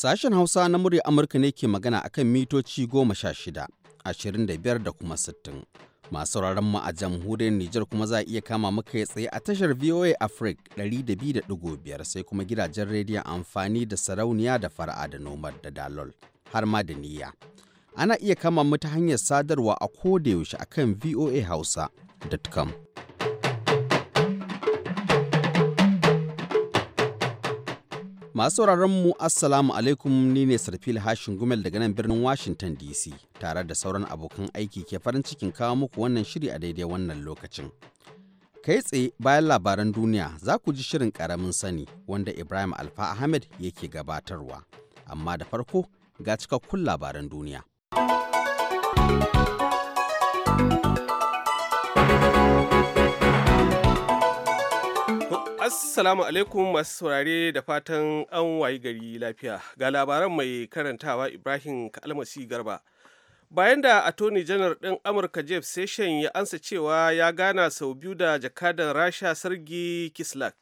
Sashen Hausa na murya Amurka ne ke magana akan mitoci goma sha shida, ashirin da biyar da kuma sittin. Masu sauraron mu a jamhuriyar Nijar kuma za a iya kama muka tsaye a tashar VOA Africa ɗari da da biyu biyar sai kuma gidajen rediyon amfani da sarauniya da fara'a da nomar da dalol har ma da niyya. Ana iya kama mu ta hanyar sadarwa a kodayaushe akan voa voahausa.com. Masu mu Assalamu alaikum ni ne Sarfil Hashin Gumel daga nan birnin Washington DC tare da sauran abokan aiki ke farin cikin kawo muku wannan shiri a daidai wannan lokacin. Kai tsaye bayan labaran duniya za ku ji shirin karamin sani wanda Ibrahim Alfa Ahmed yake gabatarwa. Amma da farko ga cikakkun labaran duniya. Assalamu alaikum masu saurare da fatan an wayi gari lafiya. Ga labaran mai karantawa Ibrahim Kalmasi Garba. Bayan da Attorney janar ɗin Amurka Jeff Session ya ansa cewa ya gana sau biyu da jakadar Rasha Sargi Kislak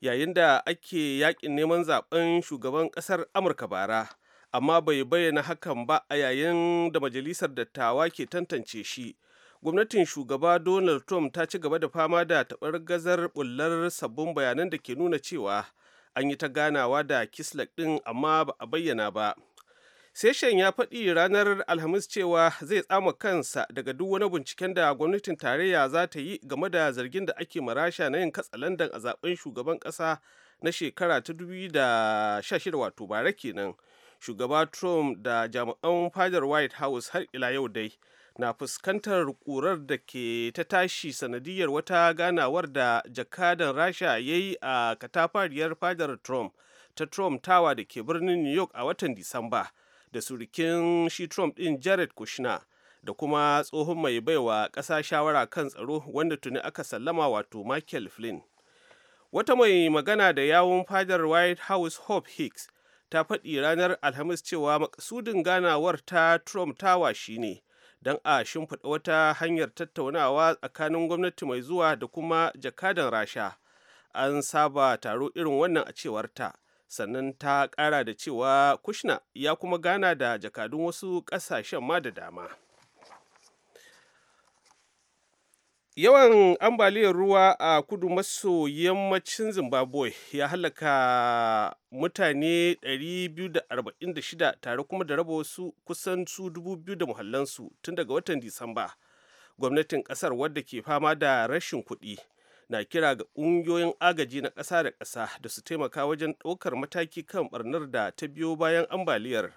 yayin da ake yakin neman zaben shugaban ƙasar Amurka bara. Amma bai bayyana hakan ba a yayin da majalisar dattawa ke tantance shi. gwamnatin shugaba donald trump ta ci gaba da fama da taɓar gazar bullar sabbin bayanan da ke nuna cewa an yi ta ganawa da kislak ɗin amma ba a bayyana ba session ya faɗi ranar alhamis cewa zai tsama kansa daga duk wani binciken da gwamnatin tarayya za ta yi game da zargin da ake marasha na yin katsalandan a zaben shugaban ƙasa na shekara ta 2016 wato bara kenan shugaba trump da jami'an fadar white house har ila yau dai na fuskantar ƙurar da ke ta tashi sanadiyar wata ganawar da jakadan rasha ya yi a katafariyar fadar trump ta trump tawa da ke birnin new york a watan disamba da surikin shi trump din jared kushner da kuma tsohon mai baiwa ƙasa shawara kan tsaro wanda tuni aka sallama wato michael flynn wata mai magana da yawun fadar white house hope hicks ta faɗi ranar alhamis cewa makasudin ganawar ta trump tawa shine don a shimfiɗa wata hanyar tattaunawa tsakanin gwamnati mai zuwa da kuma jakadan rasha an saba taro irin wannan a cewarta sannan ta ƙara da cewa kushna ya kuma gana da jakadun wasu ƙasashen ma da dama yawan ambaliyar ruwa a kudu maso yammacin zimbabwe ya halaka mutane 246 tare kuma da raba wasu kusan su 2000 da muhallansu tun daga watan disamba gwamnatin kasar wadda ke fama da rashin kuɗi na kira ga ƙungiyoyin agaji na ƙasa da ƙasa da su taimaka wajen ɗaukar mataki kan ɓarnar da ta biyo bayan ambaliyar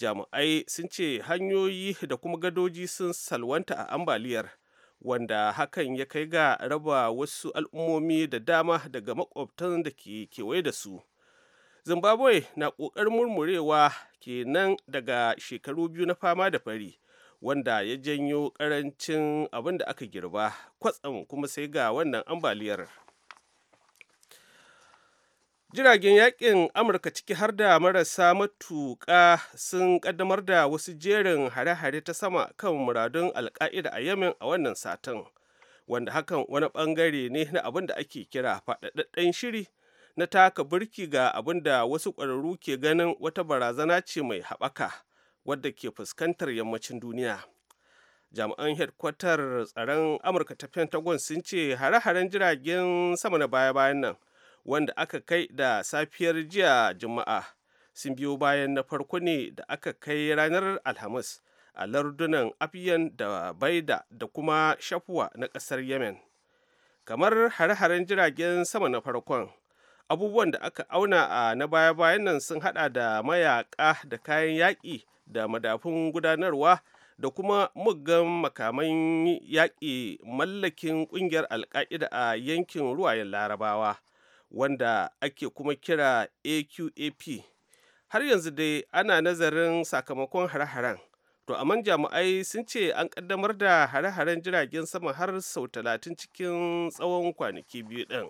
jami'ai sun ce hanyoyi da kuma gadoji sun salwanta a ambaliyar wanda hakan ya kai ga raba wasu al'ummomi da dama daga makwabtan da ke kewaye da su zimbabwe na ƙoƙarin murmurewa kenan daga shekaru biyu na fama da fari wanda ya janyo ƙarancin abin da aka girba kwatsam kuma sai ga wannan ambaliyar jiragen yakin amurka ciki har da marasa matuƙa sun ƙaddamar da wasu jerin hare-hare ta sama kan muradun alka'ida a yamin a wannan satin wanda hakan wani bangare ne na abin da ake kira faɗaɗɗen shiri na taka birki ga abin da wasu ƙwararru ke ganin wata barazana ce mai haɓaka wadda ke fuskantar yammacin duniya jami'an hedkwatar tsaron amurka ta pentagon sun ce hare-haren jiragen sama na baya-bayan nan wanda aka kai da safiyar jiya juma'a sun biyo bayan na farko ne da aka kai ranar alhamis a lardunan afiyan da baida da kuma shafuwa na ƙasar yemen kamar hare-haren jiragen sama na farkon abubuwan da aka auna a na baya-bayan nan sun hada da mayaka da kayan yaƙi da madafun gudanarwa da kuma muggan makaman yaƙi mallakin ƙungiyar alƙa'ida a yankin ruwayen larabawa wanda ake kuma kira aqap har yanzu dai ana nazarin sakamakon hare-haren to man jami'ai sun ce an kaddamar da hare-haren jiragen sama har sau talatin cikin tsawon kwanaki biyu ɗin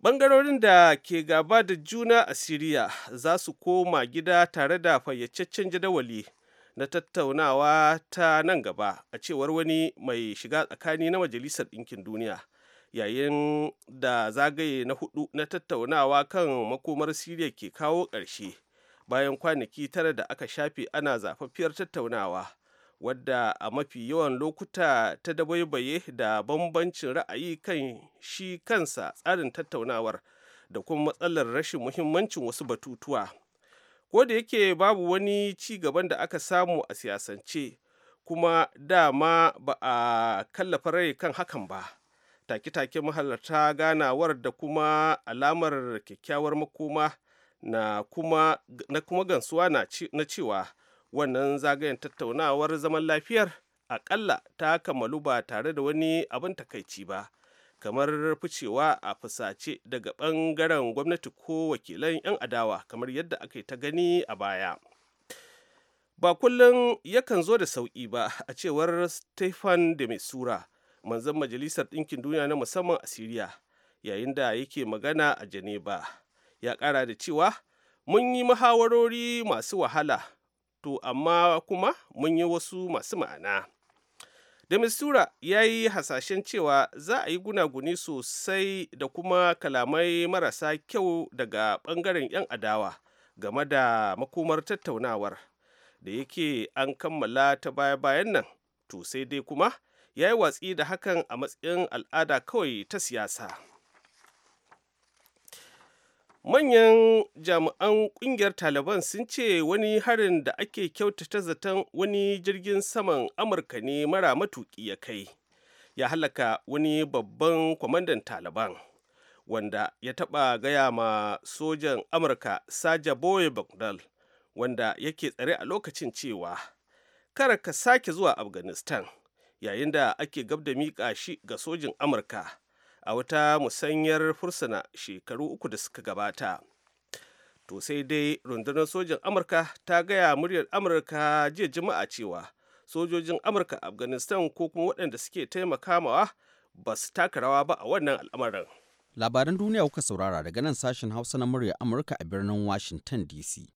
bangarorin da ke gaba da juna a siriya za su koma gida tare da fayyacaccen jadawali na tattaunawa ta nan gaba a cewar wani mai shiga tsakani na majalisar ɗinkin duniya yayin da zagaye na hudu na tattaunawa kan makomar siriya ke kawo ƙarshe bayan kwanaki tara da aka shafe ana zafaffiyar tattaunawa wadda a mafi yawan lokuta ta dabaibaye da bambancin ra'ayi kan shi kansa tsarin tattaunawar da kuma matsalar rashin muhimmancin wasu batutuwa ko da yake babu wani ci gaban da aka samu a siyasance kuma dama ba a kallafa rai kan hakan ba take-take mahalarta ganawar da kuma alamar kyakkyawar makoma na kuma gansuwa na cewa wannan zagayen tattaunawar zaman lafiyar aƙalla ta kammalu ba tare da wani abin takaici ba kamar ficewa a fusace daga ɓangaren gwamnati ko wakilan 'yan adawa kamar yadda aka yi ta gani a baya ba kullum yakan zo da sauƙi ba a cewar stefan de misura manzan majalisar ɗinkin duniya na musamman a siriya yayin da yake magana a geneva ya ƙara da cewa mun yi muhawarori masu wahala to amma kuma mun yi wasu masu ma'ana da mistura ya yi hasashen cewa za a yi gunaguni sosai da kuma kalamai marasa kyau daga ɓangaren 'yan adawa game da makomar tattaunawar da yake an kammala ta baya-bayan nan to sai dai kuma ya yi watsi da hakan a matsayin al'ada kawai ta siyasa manyan jami'an kungiyar taliban sun ce wani harin da ake kyautata zaton wani jirgin saman amurka ne mara matuki ya kai ya halaka wani babban kwamandan taliban wanda ya taɓa gaya ma sojan amurka saja boye bagdal wanda yake tsare a lokacin cewa kara ka sake zuwa afghanistan yayin da ake gab da miƙa shi ga sojin amurka a wata musanyar fursuna shekaru uku da suka gabata to sai dai rundunar sojin amurka ta gaya muryar amurka jiya juma'a cewa sojojin amurka afghanistan ko kuma waɗanda suke taimakawa ba su taka rawa ba a wannan al'amarin labaran duniya kuka saurara daga nan sashen hausa na murya amurka a birnin washington dc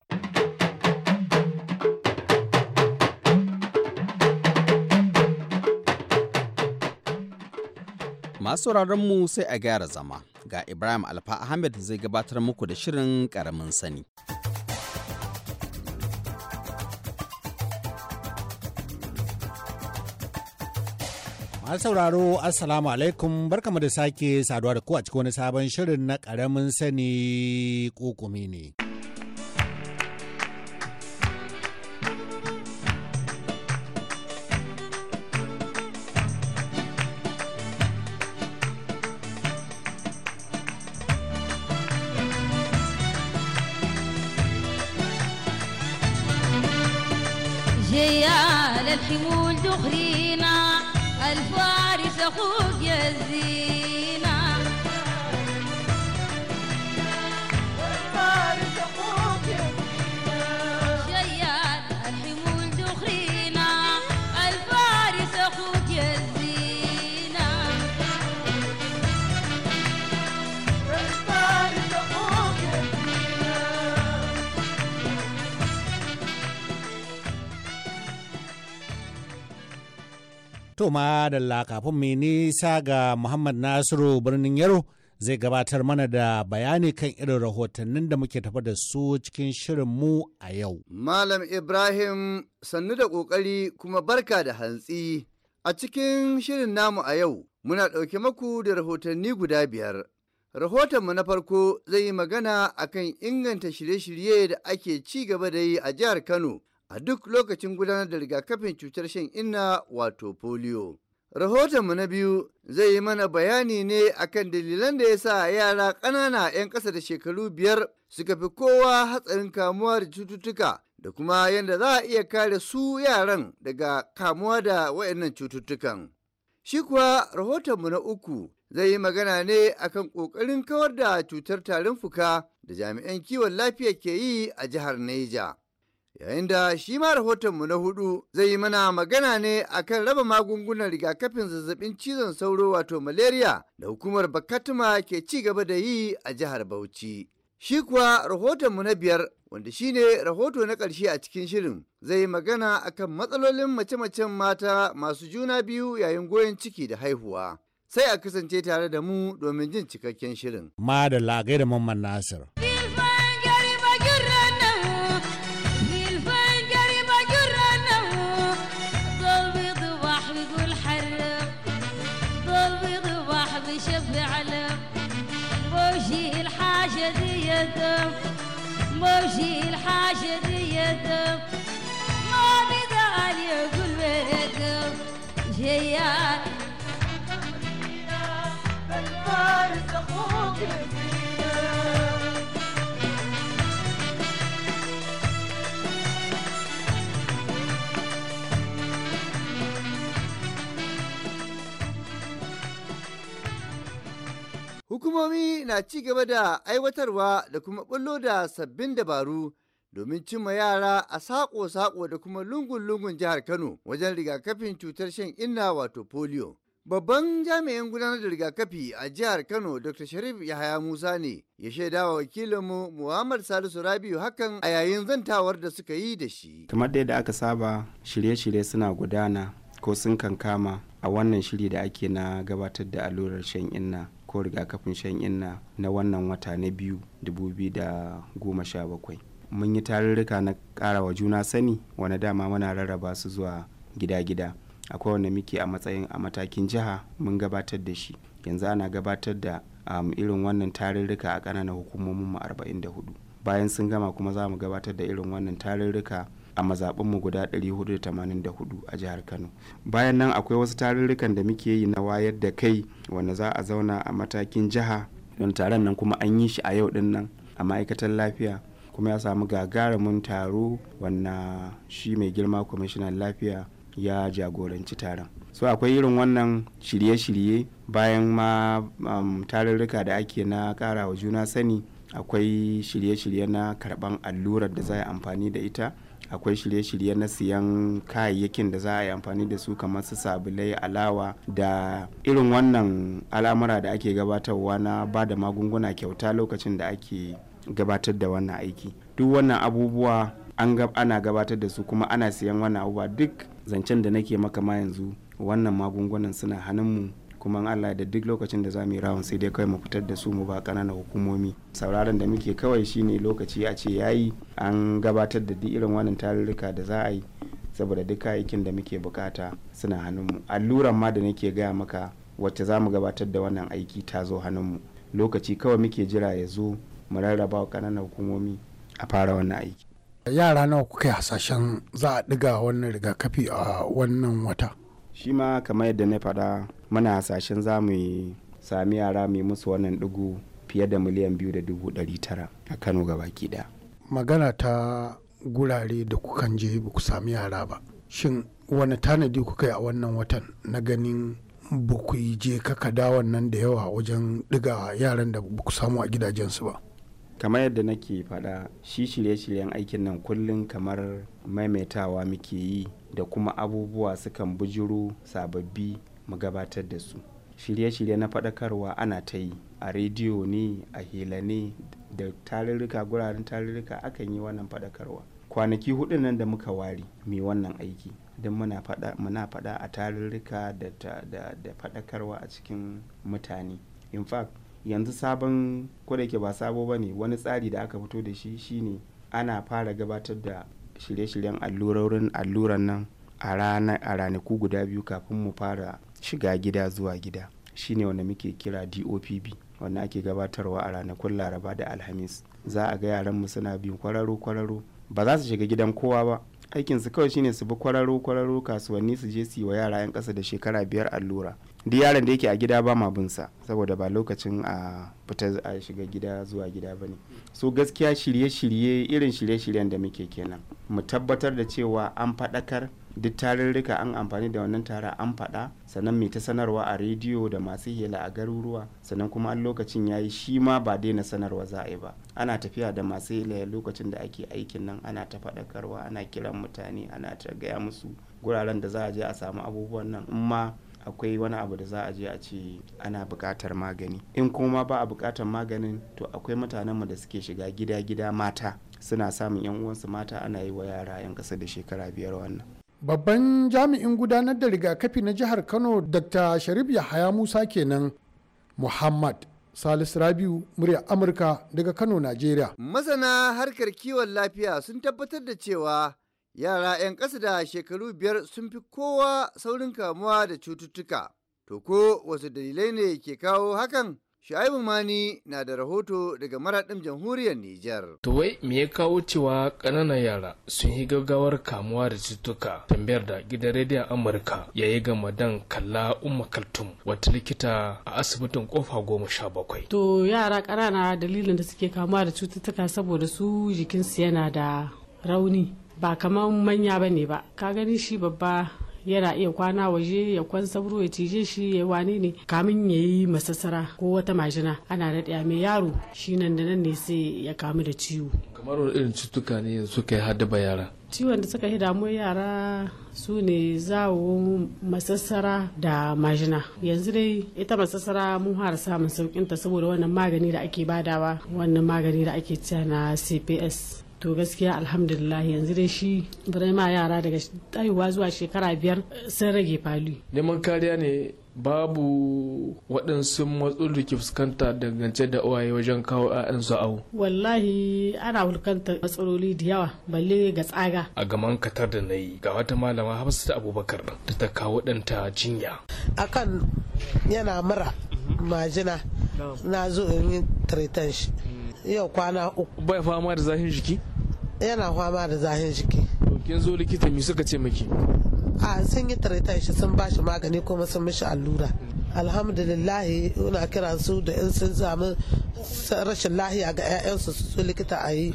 Masu mu sai a gyara zama ga Ibrahim Alfa Ahmed zai gabatar muku da shirin ƙaramin sani. Masu sauraro Assalamu alaikum barkamu da sake saduwa da ku a cikin wani sabon shirin na karamin sani kokumi ne. Oh. To madalla kafin mai nisa ga Muhammad Nasiru birnin Yaro zai gabatar mana da bayani kan irin rahotannin da muke tafa da su cikin shirin mu a yau. Malam Ibrahim sannu da ƙoƙari kuma barka da hantsi. A cikin shirin namu a yau muna ɗauke maku da rahotanni guda biyar. Rahotonmu na farko zai yi magana akan inganta shirye-shirye da ake ci gaba da yi a jihar Kano a duk lokacin gudanar da rigakafin cutar shan inna wato polio. Rahotonmu na biyu zai yi mana bayani ne akan dalilan da ya sa yara ƙanana 'yan ƙasa da shekaru biyar suka fi kowa hatsarin kamuwa da cututtuka da kuma yadda za a iya kare su yaran daga kamuwa da waɗannan cututtukan. Shi kuwa rahotonmu na uku zai yi magana ne akan ƙoƙarin kawar da cutar tarin fuka da jami'an kiwon lafiya ke yi a jihar Neja. yayin da shi ma rahotonmu na hudu zai yi mana magana ne akan raba magungunan rigakafin zazzabin cizon sauro wato malaria da hukumar bakatuma ke ci gaba da yi a jihar bauchi shi kuwa rahotonmu na biyar wanda shi ne rahoto na ƙarshe a cikin shirin zai yi magana akan matsalolin mace-macen mata masu juna biyu yayin goyon ciki da haihuwa sai a kasance tare da mu domin jin cikakken shirin ma da lagai da mamman nasir الحاجة ديتك موجي الحاجة ديتك Hukumomi na ci gaba da aiwatarwa da kuma bullo da sabbin dabaru domin cimma yara a saƙo-saƙo da kuma lungun-lungun jihar Kano wajen rigakafin cutar shan inna wato polio. Babban jami'in gudanar da rigakafi a jihar Kano Dr. Sharif Yahaya Musa ne ya shaida wa wakilinmu Muhammad Salisu Rabiu hakan a yayin zantawar da suka yi da shi. Kamar da aka saba shirye-shirye suna gudana ko sun kankama a wannan shiri da ake na gabatar da allurar shan inna. ko rigakafin shan inna na wannan wata na biyu da goma sha bakwai mun yi tarurruka na karawa juna sani wani dama muna rarraba su zuwa gida-gida akwai wanda muke a matsayin a matakin jiha mun gabatar da shi yanzu ana gabatar da um, irin wannan tarurruka a ƙananan hukumomin mu hudu bayan sun gama kuma za mu gabatar da irin wannan tarurruka a mazaɓinmu guda 484 a jihar kano bayan nan akwai wasu tarurrukan da muke yi na wayar da kai wanda za a zauna a matakin jiha don taron nan kuma an yi shi a yau din nan a ma'aikatar lafiya kuma ya samu gagarumin taro wanda shi mai girma kwamishinan lafiya ya jagoranci taron so akwai irin wannan shirye-shirye bayan ma um, tarurruka da ake na karawa juna sani akwai shirye-shirye na karban allurar da za a amfani da ita akwai shirye-shirye na siyan kayayyakin da za a yi amfani da su kamar su sabulai alawa da irin wannan al'amura da ake gabatarwa na ba da magunguna kyauta lokacin da ake gabatar da wannan aiki duk wannan abubuwa an gab ana gabatar da su kuma ana siyan wannan abubuwa duk zancen da nake maka ma yanzu wannan magungunan suna hannun mu kuma Allah da duk lokacin da za mu yi rawan sai dai kawai mu fitar da su mu ba ƙananan hukumomi sauraron da muke kawai shine lokaci a ce yayi an gabatar da duk irin wannan tarurruka da za a yi saboda duk aikin da muke bukata suna hannun mu. alluran ma da nake gaya maka wacce za mu gabatar da wannan aiki ta zo hannun mu? lokaci kawai muke jira ya zo mu rarraba wa ƙananan hukumomi a fara wannan aiki yara nawa kuka yi hasashen za a ɗiga wannan rigakafi a wannan wata shi ma kamar yadda na faɗa muna hasashen za mu sami yara mai musu wannan digu fiye da miliyan biyu da dubu ɗari tara a kano gabaki ɗaya magana ta gurare da kukan je ba ku sami yara ba shin wani tanadi kuka yi a wannan watan na ganin ba yi je kaka dawon nan da yawa wajen ɗiga yaran da ba ku samu a gidajensu ba kamar yadda nake faɗa shi shirye-shiryen aikin nan kullum kamar maimaitawa muke yi da kuma abubuwa sukan bujuru sababbi mu gabatar da su shirye-shirye na faɗakarwa ana ta yi a rediyo ne a hila ne da tarurruka guraren tarurruka akan yi wannan faɗakarwa kwanaki hudu nan da muka ware mai wannan aiki don muna faɗa a tarurruka da faɗakarwa a cikin mutane in fact yanzu sabon kodayake ba sabo ba ne wani tsari da aka fito da shi shine ana fara gabatar da shirye-shiryen allurorin alluran nan a ranaku guda biyu kafin mu fara shiga gida zuwa gida shi ne wanda muke kira dopb wanda ake gabatarwa a ranakun laraba da alhamis za a ga yaran mu suna bin kwararo-kwararo ba za su shiga gidan kowa ba aikin su kawai shine su bi kwararo kwararo kasuwanni su je su yi wa yara yan kasa da shekara biyar allura duk yaran da yake a gida ba ma sa saboda ba lokacin a fita a shiga gida zuwa gida ba ne so gaskiya shirye-shirye irin shirye-shiryen da muke kenan mu tabbatar da cewa an faɗakar duk tarurruka an amfani da wannan tara an faɗa sannan mai ta sanarwa a rediyo da masu hela a garuruwa sannan kuma an lokacin ya yi shi ma ba daina sanarwa za a yi ba ana tafiya da masu hela lokacin da ake aikin nan ana ta faɗakarwa ana kiran mutane ana ta gaya musu guraren da za a je a samu abubuwan nan in ma akwai wani abu da za a je a ce ana buƙatar magani in kuma ba a buƙatar maganin to akwai mutanenmu da suke shiga gida-gida mata suna samun 'yan uwansu mata ana yi wa yara 'yan ƙasa da shekara biyar wannan babban jami'in gudanar da rigakafi na jihar kano dr sharif yahaya musa kenan muhammad Salis Rabiu murya Amurka daga Kano, Najeriya. Masana harkar kiwon lafiya sun tabbatar da cewa yara 'yan ƙasa da shekaru biyar sun fi kowa saurin kamuwa da cututtuka. To ko wasu dalilai ne ke kawo hakan? Shu'aibu Mani na da rahoto daga maraɗin jamhuriyar Nijar. To wai me ya kawo cewa ƙananan yara sun yi gaggawar kamuwa da cututtuka tambayar da gidan rediyon Amurka ya yi gama dan Kalla Umma Kaltum wata likita a asibitin kofa goma sha bakwai. To yara ƙanana dalilin da suke kamuwa da cututtuka saboda su jikinsu yana da rauni ba kamar manya ba ne ba ka gani shi babba yana iya kwana waje ya kwan sabro ya cije shi ya wani ne kamin ya yi masassara ko wata majina ana daɗa mai yaro shi nan da nan ne sai ya kamu da ciwo kamar irin cutuka ne yanzu kai haddaba yara ciwon da suka yi damuwar yara su ne zawon masassara da majina yanzu dai ita masassara mun fara samun saukinta saboda wannan magani da ake badawa wannan magani da ake cewa na cps to gaskiya alhamdulillah yanzu dai shi birai ma yara daga taiwa zuwa shekara biyar sun rage falu. neman kariya ne babu waɗansu da ke fuskanta dangance da uwaye wajen kawo ‘ya'yan su Wallahi ana hulkanta matsaloli da yawa balle ga tsaga. A gaman katar da na yi ga wata malama Hafsatu Abubakar da ta kawo ɗanta jinya. Akan yana mura majina na zo in yi shi. Yau kwana uku. Bai fama da zafin jiki? yana fama da zahin jiki kin zo likita me suka ce miki a sun yi taraita shi sun ba shi magani kuma sun mishi allura alhamdulillah ina kira su da in sun samu rashin lahiya ga 'ya'yansu su likita a yi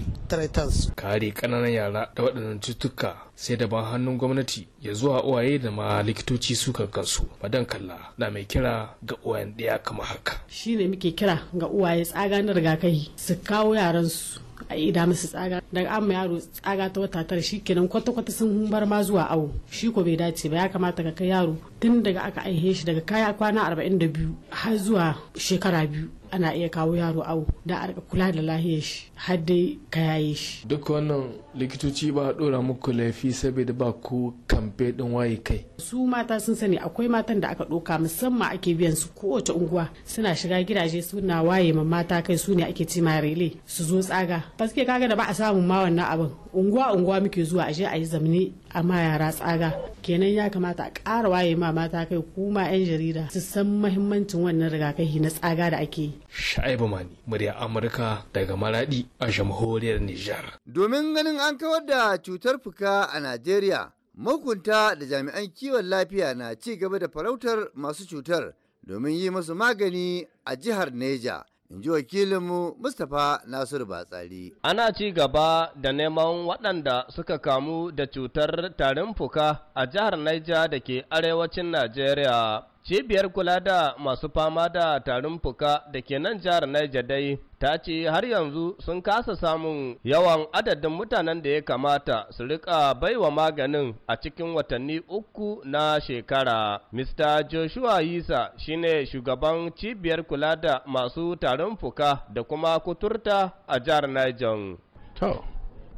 su. kare kananan yara da waɗannan cututtuka, sai da ban hannun gwamnati ya zuwa uwaye da ma likitoci su kansu madan kalla na mai kira ga uwayen ɗaya kama haka Shi ne muke kira ga uwaye tsaga na rigakafi su kawo yaransu a ida musu tsaga daga an ma yaro tsaga ta wata tara kenan kwata kwata sun bar ma zuwa awo shi ko bai dace ba ya kamata ka kai yaro tun daga aka aihe shi daga kaya kwana 42 har zuwa shekara biyu ana iya kawo yaro awo da a rika kula da lahiyar shi har dai ka yaye shi duk wannan likitoci ba ɗora muku laifi saboda ba ku kamfe ɗin waye kai su mata sun sani akwai matan da aka doka musamman ake biyan su kowace unguwa suna shiga gidaje suna waye ma mata kai su ne ake ma rele su zo tsaga paske kaga da ba a samun ma wannan abin unguwa unguwa muke zuwa ashe a yi zamani a ma yara tsaga kenan ya kamata a ƙara waye ma mata kai kuma 'yan jarida su san mahimmancin wannan rigakafi na tsaga da ake yi. Sha'ibu Mani, murya Amurka daga Maradi a jamhuriyar Nijar. Domin ganin an kawar da cutar fuka a Najeriya, mahukunta da jami'an kiwon lafiya na ci gaba da farautar masu cutar domin yi musu magani a jihar Neja. in ji wakilinmu Mustapha Nasiru Batsari. Ana ci gaba da neman waɗanda suka kamu da cutar tarin fuka a jihar Niger da ke arewacin Najeriya. Cibiyar kula da masu fama da tarin fuka da ke nan jihar Niger dai ta ce har yanzu sun kasa samun yawan adadin mutanen da ya kamata su rika baiwa maganin a cikin watanni uku na shekara. Mr. Joshua Yisa shine shugaban cibiyar kula da masu tarin fuka da kuma kuturta a jihar Niger. To,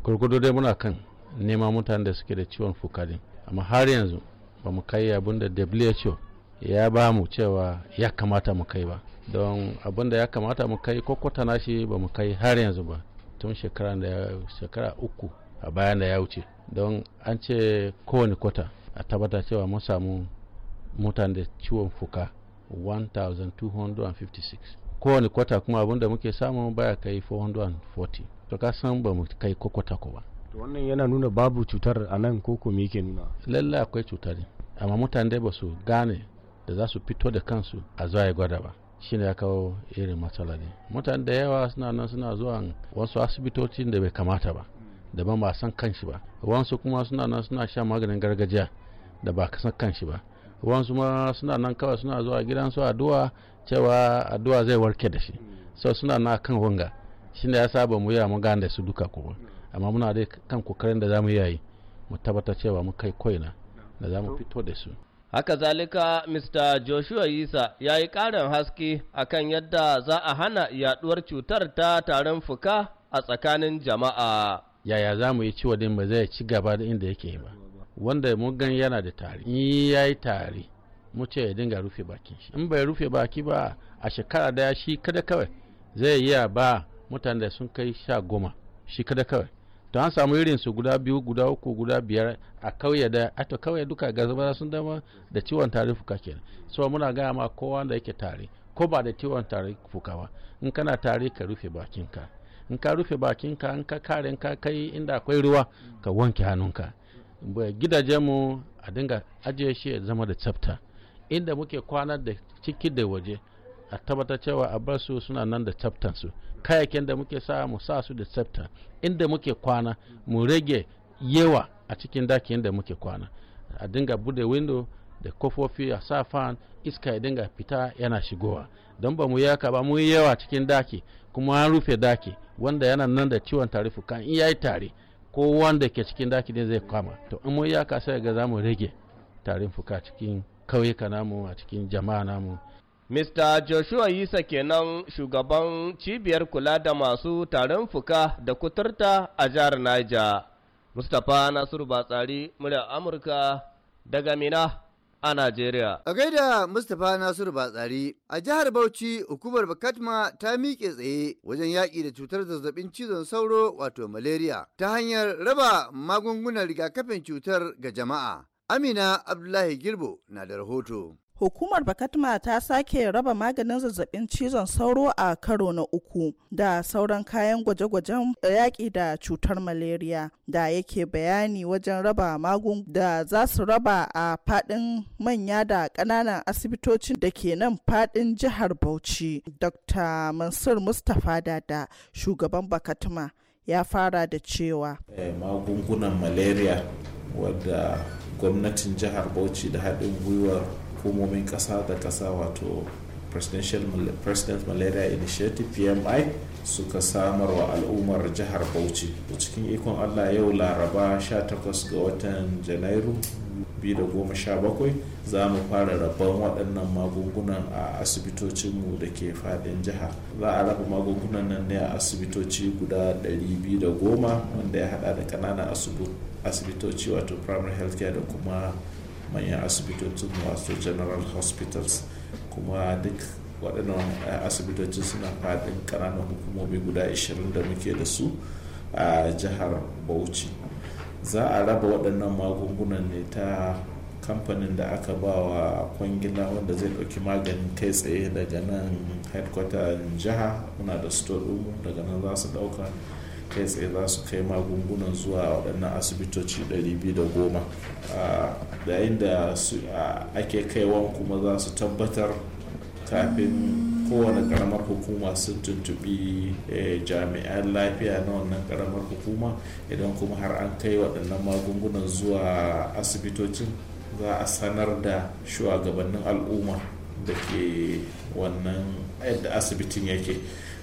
gurgudu dai muna kan nema mutanen da suke da ciwon fuka din, amma har yanzu ba mu kai abin da WHO ya ba mu cewa ya kamata mu kai ba don abin da ya kamata mu kai kwakwata na shi ba mu kai har yanzu ba tun shekara da shekara uku a bayan da ya wuce don an ce kowane kwata a tabbata cewa mun samu mutane da ciwon fuka 1256 kowane kwata kuma abin da muke samu baya kai 440 to ka san ba mu kai kwakwata ko ba wannan yana nuna babu cutar a nan ko me yake nuna lallai akwai cutar amma mutane ba su gane da za su fito da kansu a zuwa ya gwada ba shi ne ya kawo irin matsala ne mutane da yawa suna nan suna zuwa wasu asibitocin da bai kamata ba da ba san kanshi ba wasu kuma suna nan suna sha maganin gargajiya da ba san kanshi ba wasu ma suna nan kawai suna zuwa gidansu addu'a cewa addu'a zai warke da shi so suna na kan wanga shi ne ya saba mu yi magana da su duka kuma amma muna dai kan kokarin da za mu yayi mu tabbatar cewa mu kai koina da za mu fito da su Haka zalika Mr. Joshua Isa ya yi ƙarin haske akan yadda za a hana yaɗuwar cutar ta tarin fuka a tsakanin jama'a. Yaya za mu yi ciwo din ba zai ci gaba da inda yake ba. Wanda mun gan yana da tari, in ya yi tari, mu ce ya dinga rufe bakin shi. In bai rufe baki ba a shekara daya shi kada kawai zai iya ba mutane da sun kai sha goma shi kada kawai. to an samu irin su guda biyu guda uku guda biyar a kauye da ato kauye duka ga zama sun dama da ciwon tari fuka kenan so muna gaya ma kowa da yake tari ko ba da ciwon tari fuka ba in kana tari ka rufe bakinka in ka rufe bakinka in ka kare in ka kai inda akwai ruwa ka wanke hannunka mu a dinga ajiye shi ya zama da tsafta inda muke kwana da ciki da waje a tabbatar cewa a bar su suna nan da tsaftan su kayayyakin da muke sa mu sa su da tsafta inda muke kwana mu rage yawa a cikin daki da muke kwana a dinga bude window da kofofi a sa fan iska ya dinga fita yana shigowa don ba mu yaka ba mu yi yawa cikin daki kuma an rufe daki wanda yana nan da ciwon tari fuka in yayi tare ko wanda ke cikin daki din zai kama to in mu yaka sai ga za mu rage tarin fuka cikin kauyuka namu a cikin jama'a namu Mr. Joshua Yisa kenan shugaban cibiyar kula da masu tarin fuka da kuturta a jihar Niger. Mustapha Nasiru Batsari, murya Amurka daga Mina. a Najeriya. A gaida Mustapha Nasiru Batsari, a jihar Bauchi hukumar Bakatma ta miƙe tsaye wajen yaƙi da cutar zazzabin cizon sauro wato malaria ta hanyar raba magungunan rigakafin cutar ga jama'a. Amina Abdullahi Girbo na da rahoto. Hukumar Bakatma ta sake raba maganin zazzabin cizon sauro a karo na uku da sauran kayan gwaje-gwajen yaƙi da cutar malaria da yake bayani wajen raba magun da za su raba a fadin manya da ƙananan asibitocin da ke nan fadin jihar Bauchi. Dr. Mansur Mustapha Dada, shugaban Bakatma, ya fara da cewa. Eh, magungunan malaria wadda gwamnatin jihar Bauchi da haɗin gwiwar hukumomin kasa da kasa, wato president malaria initiative pmi suka samar wa al'ummar jihar bauchi da cikin ikon allah yau laraba 18 ga watan janairu 2017 za mu fara rabon waɗannan magungunan a asibitocinmu da ke faɗin jiha za a raba magungunan nan ne a asibitoci guda 210 wanda ya hada da kananan asibitoci wato primary healthcare da kuma manyan asibitocin wasu general hospitals kuma duk waɗannan eh, asibitocin suna faɗin ƙananan hukumomi guda 20 da muke da su a jihar bauchi za a raba waɗannan magungunan ne ta kamfanin da aka ba wa kwangila wanda zai ɗauki maganin kai tsaye daga nan headquarter jiha muna da store daga nan za su ɗauka kai tsaye za su kai magungunan zuwa waɗannan asibitoci 210 da inda ake kaiwan kuma za su tabbatar kafin kowane karamar hukuma sun tuntubi e, jami'an lafiya na wannan karamar hukuma idan kuma har an kai waɗannan magungunan zuwa asibitocin za a sanar da shugabannin al'umma da ke wannan yadda asibitin yake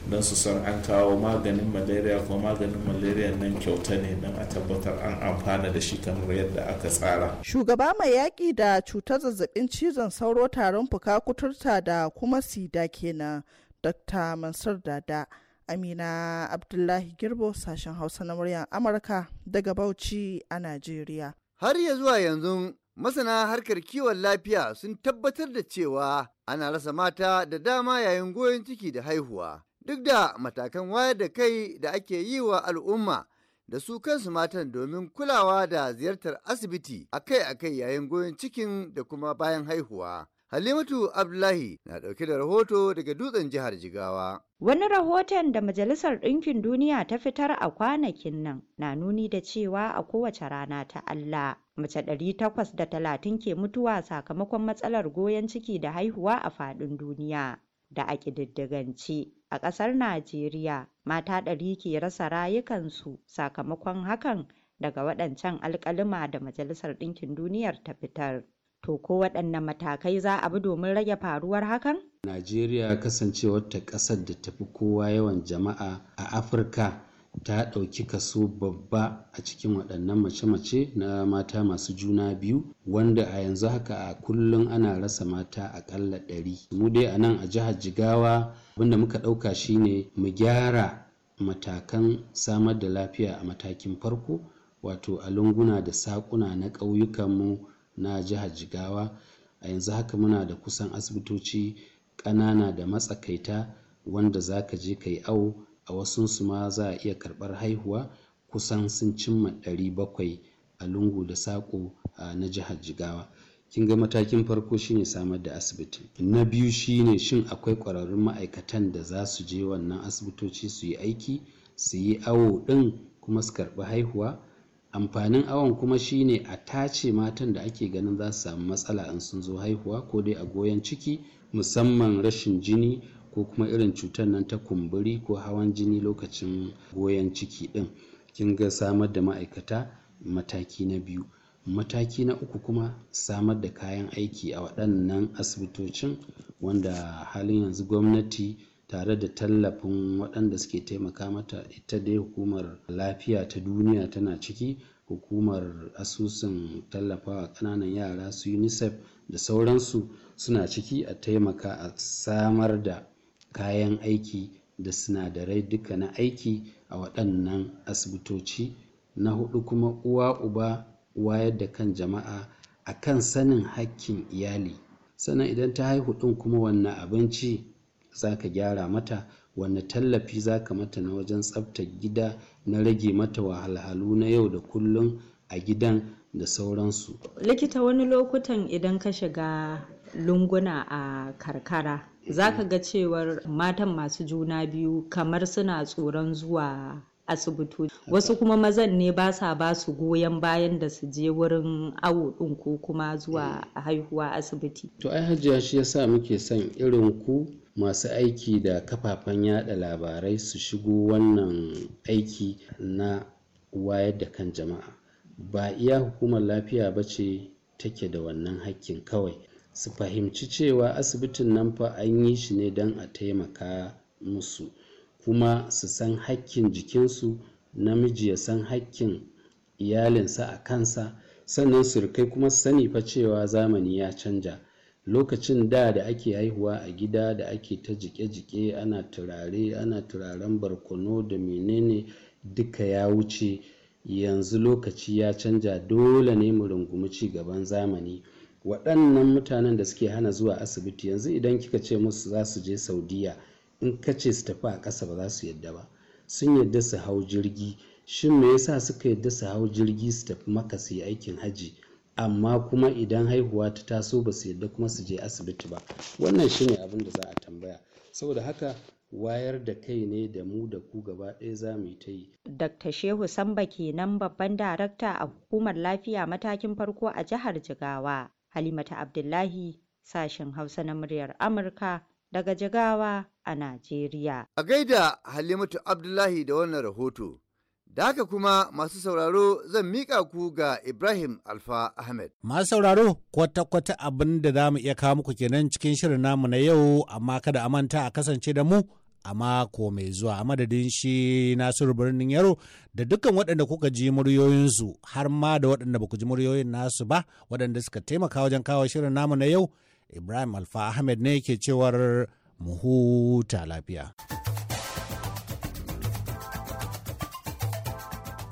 don su san an kawo maganin malaria ko maganin malaria nan kyauta ne don a tabbatar an amfana da shi kamar yadda aka tsara. Shugaba mai yaƙi da cutar zazzabin cizon sauro tarin fuka kuturta da kuma sida kenan Dr. Mansur Dada. Amina Abdullahi Girbo sashen Hausa na muryar Amurka daga Bauchi a Najeriya. Har ya zuwa yanzu masana harkar kiwon lafiya sun tabbatar da cewa ana rasa mata da dama yayin goyon ciki da haihuwa. duk da matakan wayar da kai da ake yi wa al'umma da su kansu matan domin kulawa da ziyartar asibiti akai-akai yayin goyon cikin da kuma bayan haihuwa. Halimatu Abdullahi na ɗauke da rahoto daga dutsen jihar Jigawa. Wani rahoton da Majalisar Ɗinkin Duniya ta fitar a kwanakin nan na nuni da cewa a kowace rana ta Allah mace 830 ke mutuwa sakamakon matsalar goyon ciki da haihuwa a faɗin duniya. da a ƙididdigance a ƙasar Najeriya mata ɗari ke rasa rayukansu sakamakon hakan daga waɗancan alƙaluma da Majalisar Ɗinkin Duniyar ta fitar. To ko waɗanne matakai za a bi domin rage faruwar hakan? Najeriya kasancewar ta ƙasar da tafi kowa yawan jama'a a Afirka ta ɗauki kaso babba a cikin waɗannan mace-mace na mata masu juna biyu wanda a yanzu haka a kullum ana rasa mata aƙalla ɗari mu dai a nan a jihar jigawa abinda muka ɗauka shine mu gyara matakan samar da lafiya a matakin farko wato a lunguna da saƙuna na ƙauyukanmu na jihar jigawa a yanzu haka muna da kusan asibitoci ƙanana da matsakaita wanda za ka je ka yi awo a wasunsu ma za a iya karɓar haihuwa kusan sun cimma ɗari bakwai a lungu da saƙo na jihar jigawa kin ga matakin farko shine samar da asibiti na biyu shine shin akwai ƙwararrun ma'aikatan da za su je wannan asibitoci su yi aiki su yi awo ɗin kuma su karɓi haihuwa amfanin awon kuma shine a tace matan da ake ganin za su samu matsala in sun zo haihuwa ko dai a goyon ciki musamman rashin jini ko kuma irin cutar nan ta kumburi ko hawan jini lokacin goyon ciki din kin ga samar da ma'aikata mataki na biyu mataki na uku kuma samar da kayan aiki a waɗannan asibitocin wanda halin yanzu gwamnati tare da tallafin waɗanda suke taimaka mata ita dai hukumar lafiya ta duniya tana ciki hukumar asusun tallafawa ƙananan yara su unicef da sauransu suna ciki a taimaka a samar da kayan aiki da sinadarai duka na aiki a waɗannan asibitoci na hudu kuma uwa uba wayar da kan jama'a a kan sanin hakkin iyali sannan idan ta haihu ɗin kuma wannan abinci za ka gyara mata wanne tallafi za ka mata na wajen tsaftar gida na rage mata wahalhalu na yau da kullum a gidan da sauransu likita wani lokutan idan ka shiga lunguna a karkara za mm. ka ga cewar matan masu juna biyu kamar suna tsoron zuwa asibitoci wasu kuma mazan ne ba sa ba su goyon bayan da su je wurin awo ɗin ko kuma zuwa mm. haihuwa asibiti to ai hajiya shi yasa muke son irin ku masu aiki da kafafen yada labarai su shigo wannan aiki na wayar da kan jama'a ba iya hukumar lafiya ba ce take da wannan hakkin kawai su fahimci cewa asibitin nan fa an yi shi ne don a taimaka musu kuma su san hakkin jikinsu namiji ya san hakkin iyalinsa a kansa sannan surukai kuma sani fa cewa zamani ya canja lokacin da da ake haihuwa a gida da ake ta jike-jike ana turare ana turaren barkono da menene duka ya wuce yanzu lokaci ya canja dole ne mu rungumi ci gaban zamani waɗannan mutanen da suke hana zuwa asibiti yanzu idan kika ce musu za su je saudiya in ka ce su tafi a ƙasa ba za su yadda ba sun yadda su hau jirgi shin me yasa suka yadda su hau jirgi su tafi maka su yi aikin haji amma kuma idan haihuwa ta taso ba su yadda kuma su je asibiti ba wannan shine abin da za a tambaya saboda haka wayar da kai ne da mu da ku gaba ɗaya za mu ta yi. Dr. Shehu Samba kenan babban darakta a hukumar lafiya matakin farko a jihar Jigawa. Halimatu Abdullahi sashen Hausa na muryar Amurka daga Jigawa a Najeriya. A gaida Halimatu Abdullahi da wannan rahoto. Da haka kuma masu sauraro zan mika ku ga Ibrahim Alfa Ahmed. Masu sauraro kwata-kwata abin da za mu iya kawo muku kenan cikin shirin namu na yau amma kada a manta a kasance da mu a mako mai zuwa a madadin shi nasiru birnin yaro da dukkan waɗanda kuka ji muryoyinsu har ma da waɗanda ba ku ji muryoyin nasu ba waɗanda suka taimaka wajen kawo shirin namu na yau ibrahim alfa ahmed ne ke cewar mu huta lafiya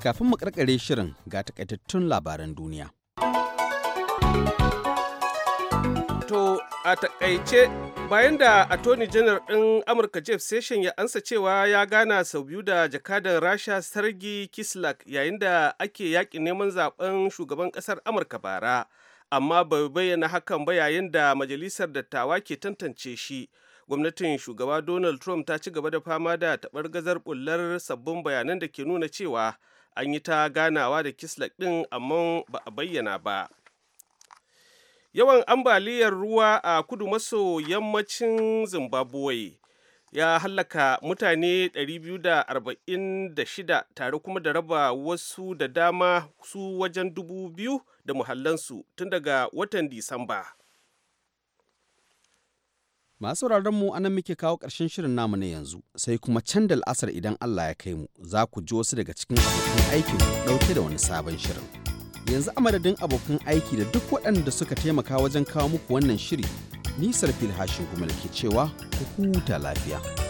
kafin mu karkare shirin ga takaitattun labaran duniya a takaice bayan da attorney general ɗin amurka jeff session ya ansa cewa ya gana sau biyu da jakadan rasha sargi kislak yayin da ake yaƙi neman zaben shugaban ƙasar amurka bara amma bai bayyana hakan ba yayin da majalisar dattawa ke tantance shi gwamnatin shugaba donald trump ta ci gaba da fama da taɓar gazar bullar sabbin bayanan da ke nuna cewa an yi ta ganawa da kislak ɗin amma ba a bayyana ba yawan ambaliyar ruwa a kudu maso yammacin zimbabwe ya hallaka mutane 246 tare kuma da raba wasu da dama su wajen dubu biyu da muhallansu tun daga watan disamba masu mu anan muke kawo ƙarshen shirin namu na yanzu sai kuma can da al'asar idan allah ya kai mu za ku ji wasu daga cikin abokan aikinmu ɗauke da wani sabon shirin. yanzu a madadin abokan aiki da duk waɗanda suka taimaka wajen kawo muku wannan shiri nisar filhashin kuma da ke cewa ku huta lafiya.